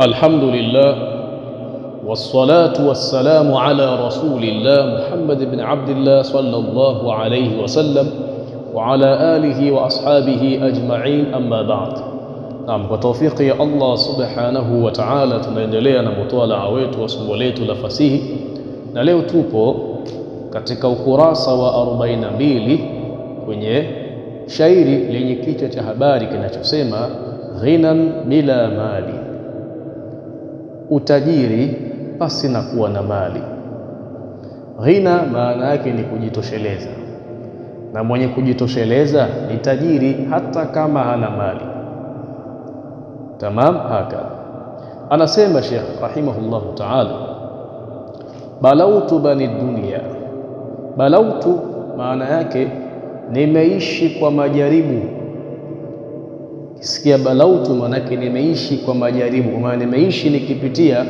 الحمد لله والصلاة والسلام على رسول الله محمد بن عبد الله صلى الله عليه وسلم وعلى آله وأصحابه أجمعين أما بعد نعم وتوفيق الله سبحانه وتعالى تنجلي أنا متوالى عويت وسموليت لفسيه نليو توبو katika ukurasa wa 42 kwenye shairi lenye kichwa cha habari kinachosema ghinan bila mali utajiri pasi na kuwa na mali. Ghina maana yake ni kujitosheleza, na mwenye kujitosheleza ni tajiri hata kama hana mali. Tamam, hakadha anasema Sheikh rahimahullahu taala, balautu bani dunia. Balautu maana yake nimeishi kwa majaribu Kisikia balautu, maanake nimeishi kwa majaribu, kwa maana nimeishi nikipitia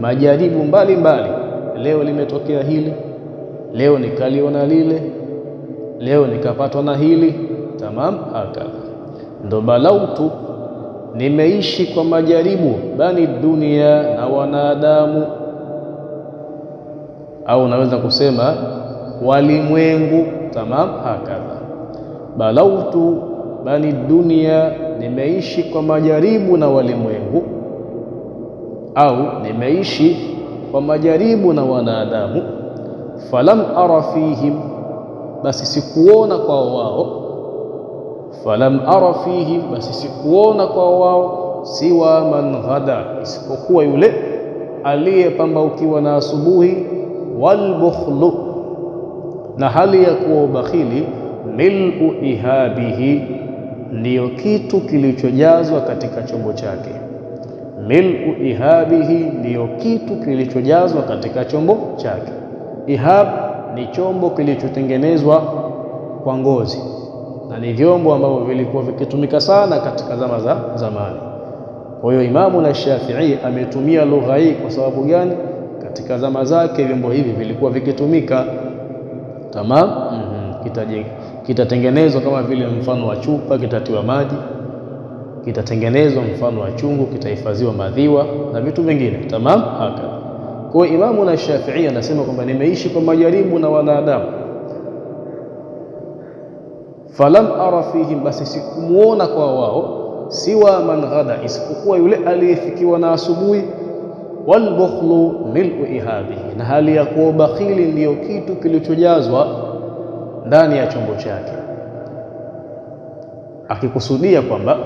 majaribu mbalimbali mbali. Leo limetokea hili, leo nikaliona lile, leo nikapatwa na hili. Tamam, hakadha ndo balautu, nimeishi kwa majaribu bani dunia na wanadamu, au naweza kusema walimwengu. Tamam, hakadha balautu bani dunia nimeishi kwa majaribu na walimwengu, au nimeishi kwa majaribu na wanadamu. Falam ara fihim, basi sikuona kwao wao. Falam ara fihim, basi sikuona kwao wao. Siwa man ghada, isipokuwa yule aliyepambaukiwa na asubuhi. Walbukhlu, na hali ya kuwa ubakhili milu ihabihi ndiyo kitu kilichojazwa katika chombo chake. Milu ihabihi, ndiyo kitu kilichojazwa katika chombo chake. Ihab ni chombo kilichotengenezwa kwa ngozi na ni vyombo ambavyo vilikuwa vikitumika sana katika zama za zamani. Kwa hiyo Imamu na Shafi'i ametumia lugha hii kwa sababu gani? Katika zama zake vyombo hivi vilikuwa vikitumika. Tamam, mm -hmm. kitaje kitatengenezwa kama vile mfano wa chupa, kitatiwa maji, kitatengenezwa mfano wa chungu, kitahifadhiwa madhiwa na vitu vingine. Tamam, hakadha. Kwa Imamu na Shafi'i anasema kwamba nimeishi kwa majaribu na wanadamu, falam ara fihim, basi sikumuona kwa wao siwa man ghada, isipokuwa yule aliyefikiwa na asubuhi. Walbukhlu milu ihabihi, na hali ya kuwa bakhili ndiyo kitu kilichojazwa ndani ya chombo chake, akikusudia kwamba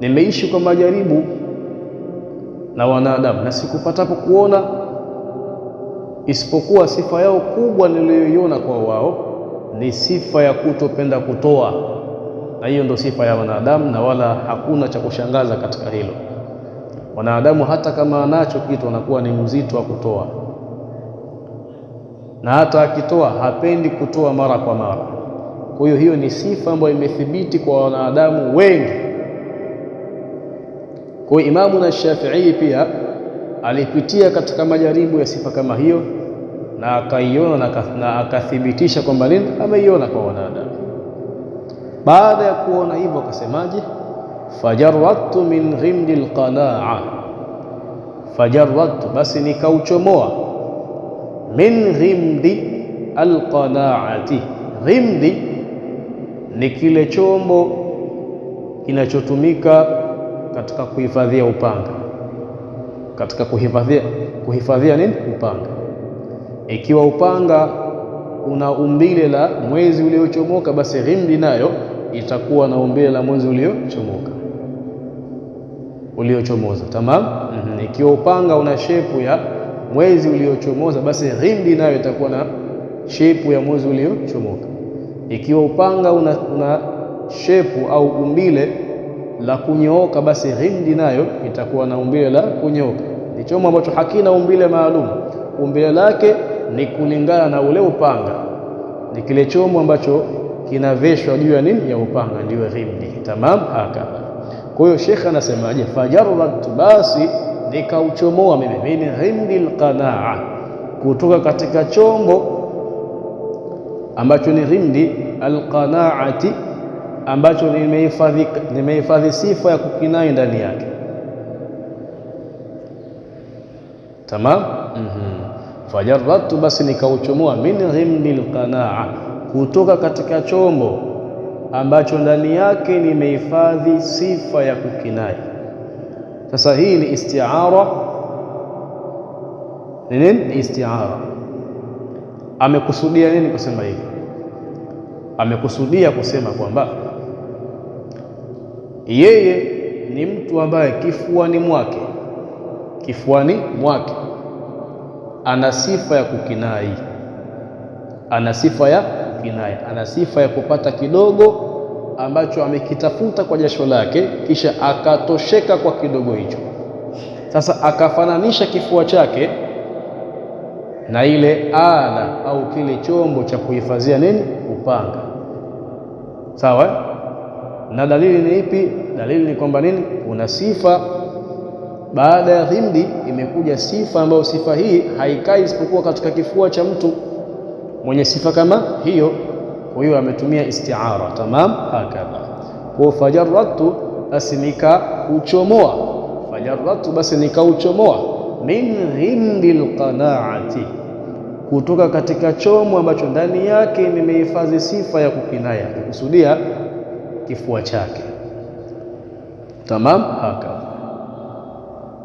nimeishi kwa majaribu na wanadamu na sikupatapo kuona isipokuwa sifa yao kubwa niliyoiona kwa wao ni sifa ya kutopenda kutoa, na hiyo ndo sifa ya wanadamu, na wala hakuna cha kushangaza katika hilo. Wanadamu hata kama anacho kitu anakuwa ni mzito wa kutoa na hata akitoa hapendi kutoa mara kwa mara. Kwa hiyo hiyo ni sifa ambayo imethibiti kwa wanadamu wengi. Kwa hiyo Imamu na Shafi'i pia alipitia katika majaribu ya sifa kama hiyo na akaiona na akathibitisha kwamba nini ameiona kwa wanadamu. Baada ya kuona hivyo akasemaje? fajarwatu min ghimdi lqanaa, fajarwatu, basi nikauchomoa min rimdi alqanaati. rimdi ni kile chombo kinachotumika katika kuhifadhia upanga, katika kuhifadhia kuhifadhia nini? Upanga. Ikiwa upanga una umbile la mwezi uliochomoka, basi rimdi nayo itakuwa na umbile la mwezi uliochomoka uliochomoza. Tamam. Mhm. Ikiwa upanga una shepu ya mwezi uliochomoza, basi ghimbi nayo itakuwa na shepu ya mwezi uliochomoka. Ikiwa upanga una, una shepu au umbile la kunyooka, basi ghimdi nayo itakuwa na umbile la kunyooka. Ni chomo ambacho hakina umbile maalum, umbile lake ni kulingana na ule upanga. Ni kile chomo ambacho kinaveshwa juu ya nini, ya upanga, ndio ghimdi. Tamam, hakadha. Kwa hiyo shekhe anasemaje? fajarrat basi nikauchomoa mimi min himdi qanaa, kutoka katika chombo ambacho ni himdi alqanaati, ambacho nimehifadhi nimehifadhi sifa ya kukinai ndani yake. Tamam. mm -hmm. Fajaratu, basi nikauchomoa min himdi lqanaa, kutoka katika chombo ambacho ndani yake nimehifadhi sifa ya kukinai sasa hii ni istiara, ni nini? Ni istiara. Amekusudia nini kusema hivi? Amekusudia kusema kwamba yeye ni mtu ambaye kifuani mwake kifuani mwake ana sifa ya kukinai, ana sifa ya kukinai, ana sifa ya kupata kidogo ambacho amekitafuta kwa jasho lake, kisha akatosheka kwa kidogo hicho. Sasa akafananisha kifua chake na ile ala au kile chombo cha kuhifadhia nini, upanga. Sawa. Na dalili ni ipi? Dalili ni kwamba nini, kuna sifa baada ya dhimdi imekuja sifa ambayo sifa hii haikai isipokuwa katika kifua cha mtu mwenye sifa kama hiyo huyu hiyo ametumia istiara, tamam. Hakadha kwa fajaratu, basi nikauchomoa. Fajaratu, basi nikauchomoa min ghindi lqanaati, kutoka katika chomo ambacho ndani yake nimehifadhi sifa ya kukinaya, kukusudia kifua chake. Tamam, hakadha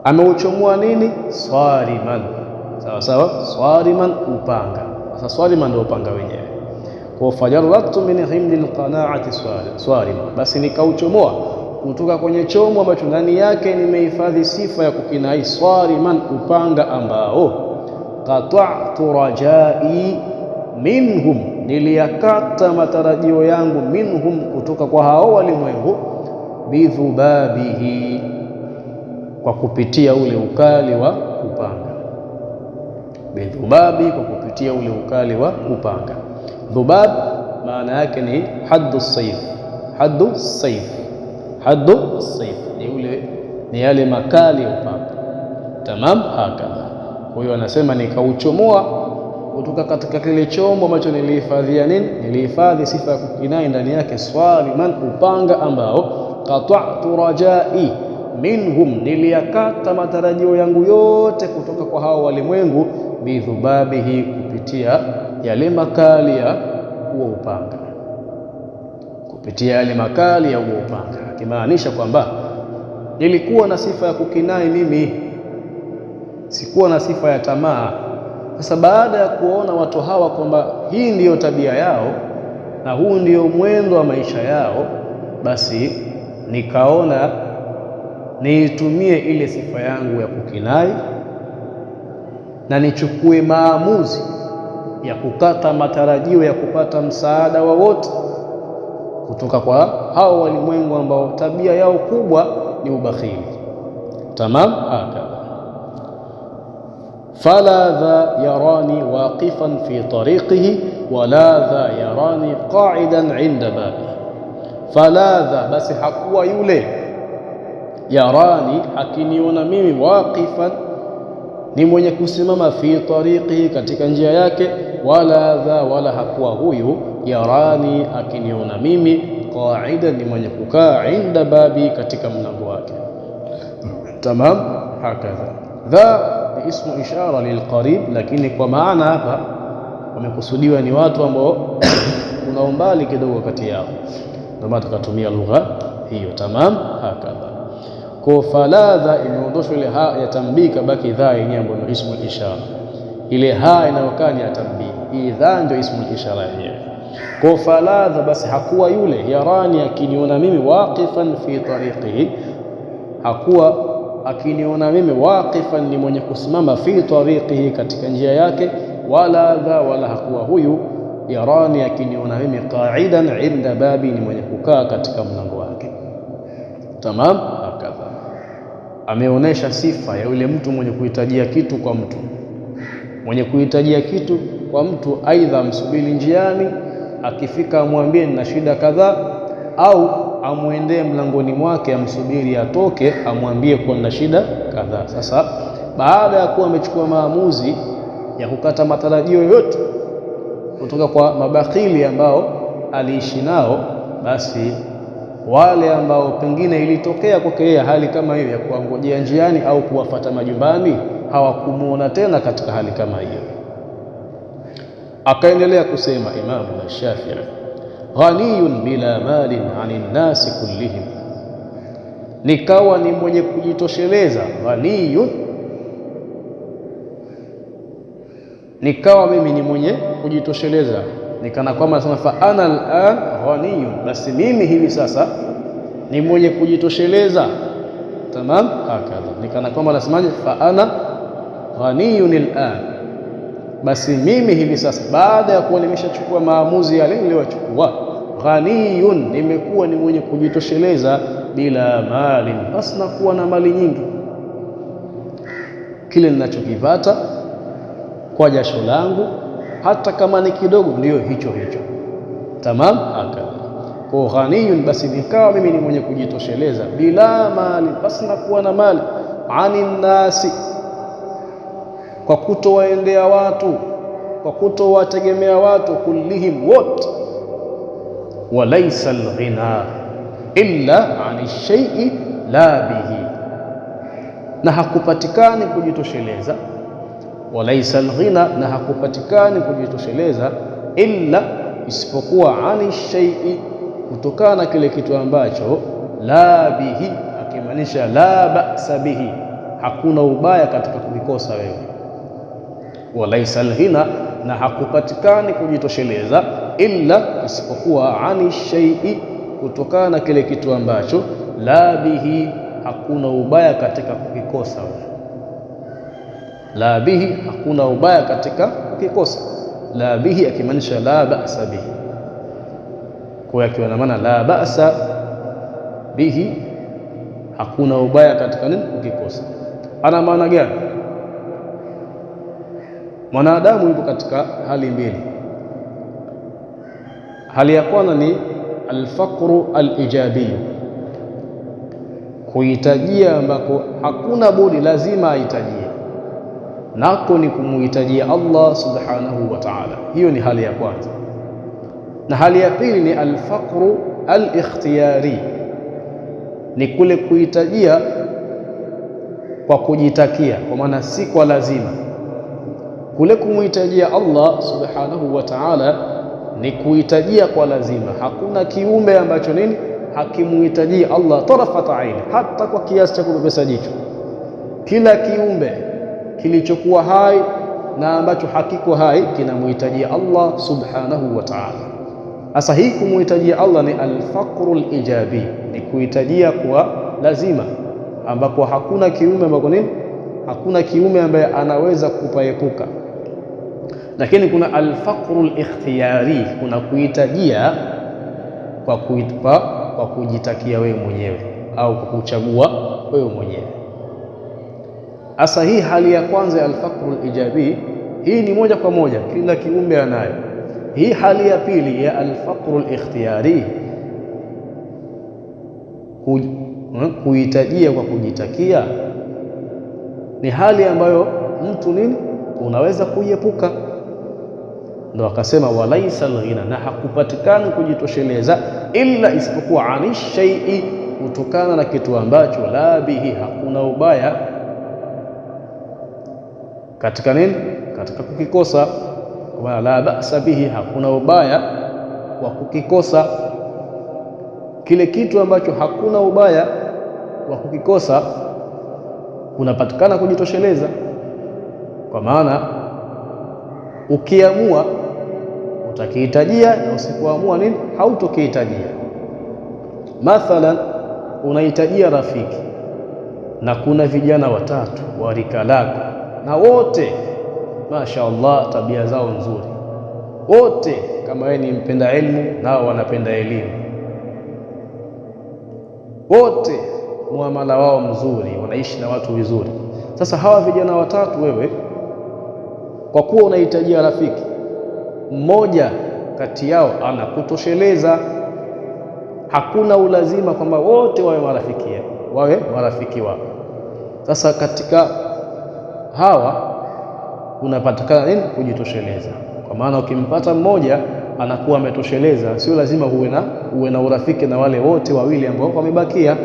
ameuchomoa nini? Swariman, sawa sawa. Swariman, upanga. Sasa swariman ndio upanga wenyewe kwa min himli lqanaati swarima, basi nikauchomoa kutoka kwenye chomo ambacho ndani yake nimehifadhi sifa ya kukinai swariman, upanga ambao qata'tu rajai minhum, niliyakata matarajio yangu minhum, kutoka kwa hao walimwengu bidhubabihi, kwa kupitia ule ukali wa upanga, bidhubabi, kwa kupitia ule ukali wa upanga dhubab maana yake ni haddu saif, haddu saif, haddu saif ni ule ni yale makali ya upanga. Tamam, hakadha. huyo anasema nikauchomoa kutoka katika kile chombo ambacho nilihifadhia nini, nilihifadhi sifa ya kukinai ndani yake, man, upanga ambao qata'tu rajai minhum, niliyakata matarajio yangu yote kutoka kwa hao walimwengu, bidhubabihi, kupitia yale makali ya huo upanga, kupitia yale makali ya huo upanga, akimaanisha kwamba nilikuwa na sifa ya kukinai mimi, sikuwa na sifa ya tamaa. Sasa baada ya kuona watu hawa kwamba hii ndiyo tabia yao na huu ndio mwendo wa maisha yao, basi nikaona niitumie ile sifa yangu ya kukinai na nichukue maamuzi ya kukata matarajio ya kupata msaada wa wote kutoka kwa hao walimwengu ambao tabia yao kubwa ni ubakhili. Tamam, hakadha fala dha yarani waqifan fi tariqihi wala dha yarani qa'idan inda babi fala dha, basi hakuwa yule yarani, akiniona mimi waqifan ni mwenye kusimama fi tariqi, katika njia yake. Wala dha wala hakuwa huyu yarani, akiniona mimi, qaida, ni mwenye kukaa, inda babi, katika mlango wake. Tamam, hakadha dha ni ismu ishara lilqarib, lakini kwa maana hapa wamekusudiwa ni watu ambao kuna umbali kidogo kati yao, ndio maana tukatumia lugha hiyo. Tamam, hakadha kwa fala imeondoshwa ile ha ya tambii, kabaki dha yenyewe ambayo ni ismu ishara. Ile ha inayokaa ni ya tambii, hii dha ndio ismu ishara yenyewe. Kwa fala basi hakuwa yule yarani, akiniona mimi waqifan fi tariqihi, hakuwa akiniona mimi waqifan, ni mwenye kusimama fi tariqihi, katika njia yake. Wala dha, wala hakuwa huyu yarani, akiniona mimi qaidan inda babi, ni mwenye kukaa katika mlango wake. Tamam ameonyesha sifa ya yule mtu mwenye kuhitajia kitu kwa mtu, mwenye kuhitajia kitu kwa mtu, aidha amsubiri njiani, akifika amwambie nina shida kadhaa, au amwendee mlangoni mwake amsubiri atoke, amwambie kuwa nina shida kadhaa. Sasa baada ya kuwa amechukua maamuzi ya kukata matarajio yote kutoka kwa mabakhili ambao aliishi nao, basi wale ambao pengine ilitokea kwake yeye hali kama hiyo ya kuwangojea njiani au kuwafata majumbani, hawakumuona tena katika hali kama hiyo. Akaendelea kusema Imamu Shafii, ghaniyun bila malin ani nnasi kullihim, nikawa ni mwenye kujitosheleza. Ghaniyun, nikawa mimi ni mwenye kujitosheleza kana kwamba anasema fa ana alan ghaniyun, basi mimi hivi sasa ni mwenye kujitosheleza. Tamam, hakadha kana kwamba anasemaje, fa ana ghaniyun alan, basi mimi hivi sasa baada ya kuwa nimeshachukua maamuzi yale niliyochukua, ghaniyun, nimekuwa ni mwenye kujitosheleza bila mali, basi nakuwa na mali nyingi, kile ninachokipata kwa jasho langu hata kama ni kidogo, ndiyo hicho hicho. Tamam, hakadha kwa ghaniyun, basi nikawa mimi ni mwenye kujitosheleza, bila mali, basi nakuwa na mali, ani nnasi, kwa kutowaendea watu, kwa kutowategemea watu, kullihim, wote. Walaisa alghina illa ani shaii la bihi, na hakupatikani kujitosheleza walaisa alghina, na hakupatikani kujitosheleza, illa, isipokuwa ani shaii, kutokana na kile kitu ambacho la bihi, akimaanisha la ba'sa bihi, hakuna ubaya katika kukikosa wewe. Walaisa alghina, na hakupatikani kujitosheleza, illa, isipokuwa ani shaii, kutokana na kile kitu ambacho la bihi, hakuna ubaya katika kukikosa wewe la bihi, hakuna ubaya katika ukikosa. La bihi akimaanisha la ba'sa bihi, kwa hiyo akiwa na maana la ba'sa bihi, hakuna ubaya katika nini? Ukikosa. Ana maana gani? Mwanadamu yupo katika hali mbili. Hali ya kwanza ni alfaqru alijabiyu, kuhitajia ambako hakuna budi, lazima ahitajie nako ni kumuhitajia Allah subhanahu wa ta'ala. Hiyo ni hali ya kwanza, na hali ya pili ni alfaqru alikhtiyari, ni kule kuhitajia kwa kujitakia, kwa maana si kwa lazima. Kule kumuhitajia Allah subhanahu wa ta'ala ni kuhitajia kwa lazima. Hakuna kiumbe ambacho nini hakimuhitajia Allah tarafata aini, hata kwa kiasi cha kupepesa jicho. Kila kiumbe kilichokuwa hai na ambacho hakiko hai kinamhitajia Allah subhanahu wa ta'ala. Sasa hii kumhitajia Allah ni alfaqru lijabi, ni kuhitajia kwa lazima, ambako hakuna kiume ambako nini, hakuna kiume ambaye anaweza kupaepuka. Lakini kuna alfaqru likhtiyari, kuna kuhitajia kwa, kwa kujitakia wewe mwenyewe au kwa kuchagua wewe mwenyewe. Hasa hii hali ya kwanza ya alfaqru alijabi, hii ni moja kwa moja kila kiumbe anayo. Hii hali ya pili ya alfaqru likhtiyari kuhitajia eh, kwa kujitakia, ni hali ambayo mtu nini unaweza kuiepuka. Ndo akasema walaisa lghina na hakupatikani kujitosheleza illa, isipokuwa ani shaii, kutokana na kitu ambacho la bihi, hakuna ubaya katika nini? Katika kukikosa. Kwa la ba'sa bihi, hakuna ubaya wa kukikosa kile kitu ambacho hakuna ubaya wa kukikosa, kunapatikana kujitosheleza. Kwa maana ukiamua utakihitajia na usipoamua nini, hautokihitajia. Mathalan, unahitajia rafiki na kuna vijana watatu wa rika lako na wote Masha Allah, tabia zao nzuri wote. Kama wewe ni mpenda elimu, nao wanapenda elimu wote, muamala wao mzuri, wanaishi na watu vizuri. Sasa hawa vijana watatu, wewe kwa kuwa unahitajia rafiki mmoja kati yao anakutosheleza. Hakuna ulazima kwamba wote wawe marafiki wawe marafiki wao. Sasa katika hawa unapatikana nini? Kujitosheleza. Kwa maana ukimpata mmoja anakuwa ametosheleza, sio lazima uwe na uwe na urafiki na wale wote wawili ambao wamebakia.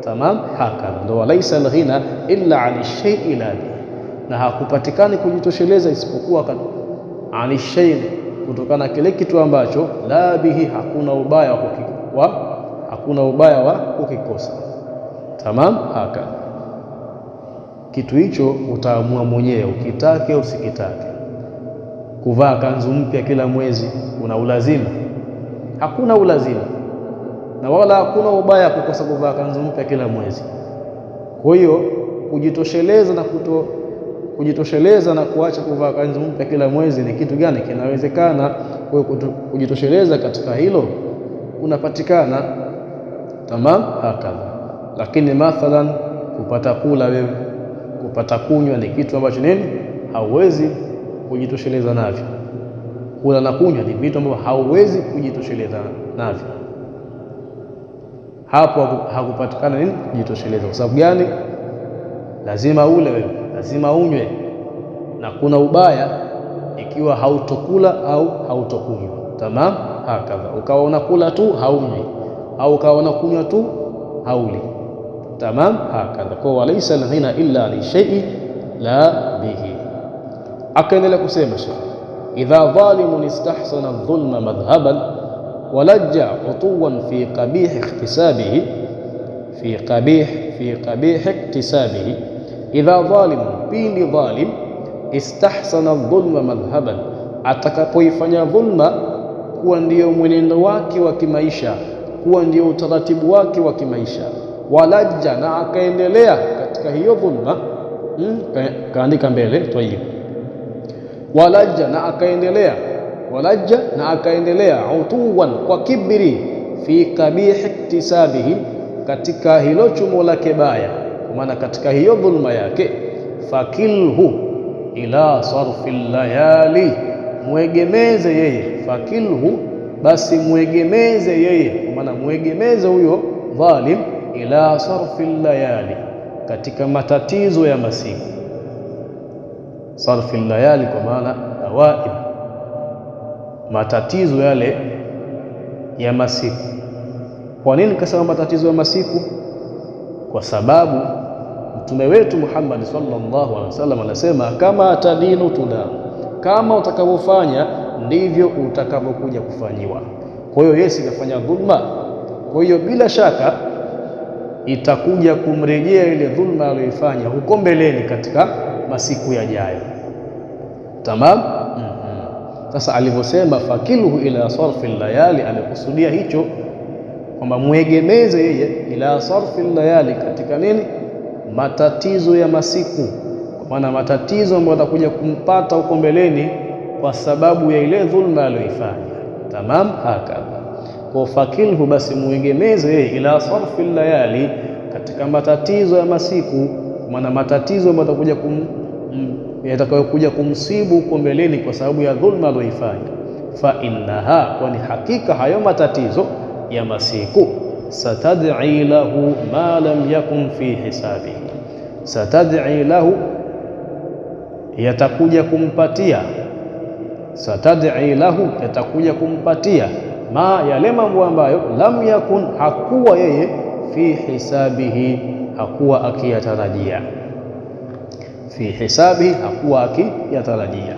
Tamam, hakadha ndo walaisa alghina illa an shay'i la na hakupatikani kujitosheleza isipokuwa ani shay'i, kutokana kile kitu ambacho la bihi, hakuna ubaya wa hakuna ubaya wa kukikosa. Tamam, hakadha kitu hicho utaamua mwenyewe, ukitake usikitake. Kuvaa kanzu mpya kila mwezi una ulazima? Hakuna ulazima, na wala hakuna ubaya kukosa kuvaa kanzu mpya kila mwezi. Kwa hiyo kujitosheleza na kuto kujitosheleza na kuacha kuvaa kanzu mpya kila mwezi ni kitu gani? Kinawezekana. Kwa hiyo kujitosheleza katika hilo unapatikana, tamam, hakadha. Lakini mathalan kupata kula wewe kupata kunywa ni kitu ambacho nini hauwezi kujitosheleza navyo. Kula na kunywa ni vitu ambavyo hauwezi kujitosheleza navyo. Hapo hakupatikana nini kujitosheleza. Kwa sababu gani? Lazima ule wewe, lazima unywe, na kuna ubaya ikiwa hautokula au hautokunywa. Tamam, hakadha ukawa unakula tu haunywi, au ukawa unakunywa tu hauli. تمام هكذا هو ليس لدينا الا لشيء لا به لك سيما شيخ اذا ظالم استحسن الظلم مذهبا ولجع عطوا في قبيح اختسابه في قبيح في قبيح اكتسابه اذا ظالم بين ظالم استحسن الظلم مذهبا اتكفوا يفanya ظلم كو ndio mwenendo wake wa kimaisha kuwa ndio utaratibu wake wa walajja na akaendelea katika hiyo dhulma hmm? kaandika mbele tayib walaja na akaendelea walajja na akaendelea utuwan kwa kibri fi kabihi iktisabihi katika hilo chumo lake baya maana katika hiyo dhulma yake fakilhu ila sarfi layali mwegemeze yeye fakilhu basi mwegemeze yeye maana mwegemeze huyo dhalim ila sarfi layali, katika matatizo ya masiku. Sarfi layali kwa maana dawaib, matatizo yale ya masiku. Kwa nini kasema matatizo ya masiku? Kwa sababu mtume wetu Muhammad sallallahu alaihi wasallam anasema, kama atadinu tuda kama utakavyofanya ndivyo utakavyokuja kufanyiwa. Kwa hiyo yeye sikafanya dhulma, kwa hiyo bila shaka itakuja kumrejea ile dhulma aliyoifanya huko mbeleni katika masiku yajayo. Tamam. Mm-hmm. Sasa mm -hmm. alivyosema fakiluhu ila sarfi layali, amekusudia hicho kwamba mwegemeze yeye ila sarfi layali, katika nini? Matatizo ya masiku, kwa maana matatizo ambayo atakuja kumpata huko mbeleni kwa sababu ya ile dhulma aliyoifanya. Tamam, hakadha kwa fakilhu, basi muegemeze ila sarfi layali, katika matatizo ya masiku, maana matatizo yatakuja kum, mm, yatakayokuja kumsibu huko mbeleni kwa sababu ya dhulma aliyoifanya. Fa innaha, kwani hakika hayo matatizo ya masiku satad'i lahu ma lam yakun fi hisabihi, satad'i lahu yatakuja kumpatia, satad'i lahu yatakuja kumpatia ma, yale mambo ambayo lam yakun, hakuwa yeye fi hisabihi, hakuwa akiyatarajia. Fi hisabihi, hakuwa akiyatarajia.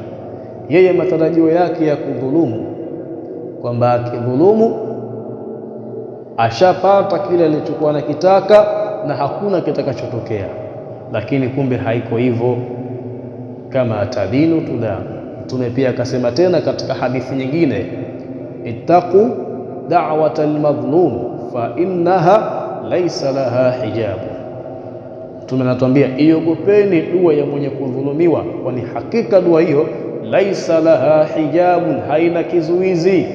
Yeye matarajio yake ya kudhulumu, kwamba akidhulumu ashapata kile alichokuwa anakitaka na hakuna kitakachotokea, lakini kumbe haiko hivyo. Kama tadinu tudanu, Mtume pia akasema tena katika hadithi nyingine ittaqu da'wata almadhlum fa innaha laysa laha hijabu. Mtume anatuambia iogopeni dua ya mwenye kudhulumiwa, kwani hakika dua hiyo laisa laha hijabun, haina kizuizi.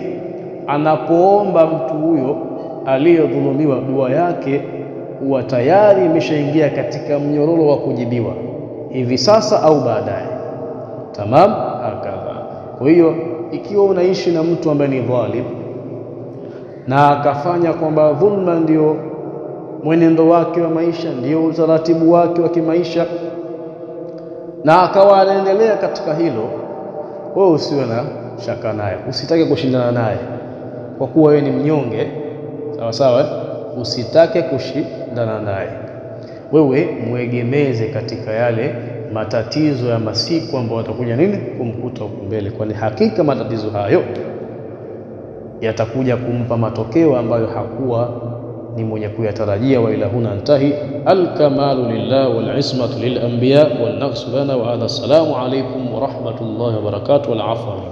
Anapoomba mtu huyo aliyodhulumiwa, dua yake huwa tayari imeshaingia katika mnyororo wa kujibiwa hivi sasa au baadaye. Tamam, hakadha. Kwa hiyo ikiwa unaishi na mtu ambaye ni dhalim na akafanya kwamba dhulma ndio mwenendo wake wa maisha, ndio utaratibu wake wa kimaisha, na akawa anaendelea katika hilo, wewe usiwe na shaka naye, usitake kushindana naye kwa kuwa wewe ni mnyonge. Sawa sawa, usitake kushindana naye, wewe mwegemeze katika yale matatizo ya masiku ambayo watakuja nini kumkuta huko mbele, kwani hakika matatizo hayo yatakuja kumpa matokeo ambayo hakuwa ni mwenye kuyatarajia. wa ila huna ntahi alkamalu lillah walismatu lilambiya walnaqsu lana wa hadha. Assalamu alaikum warahmatullahi wabarakatuh walafu.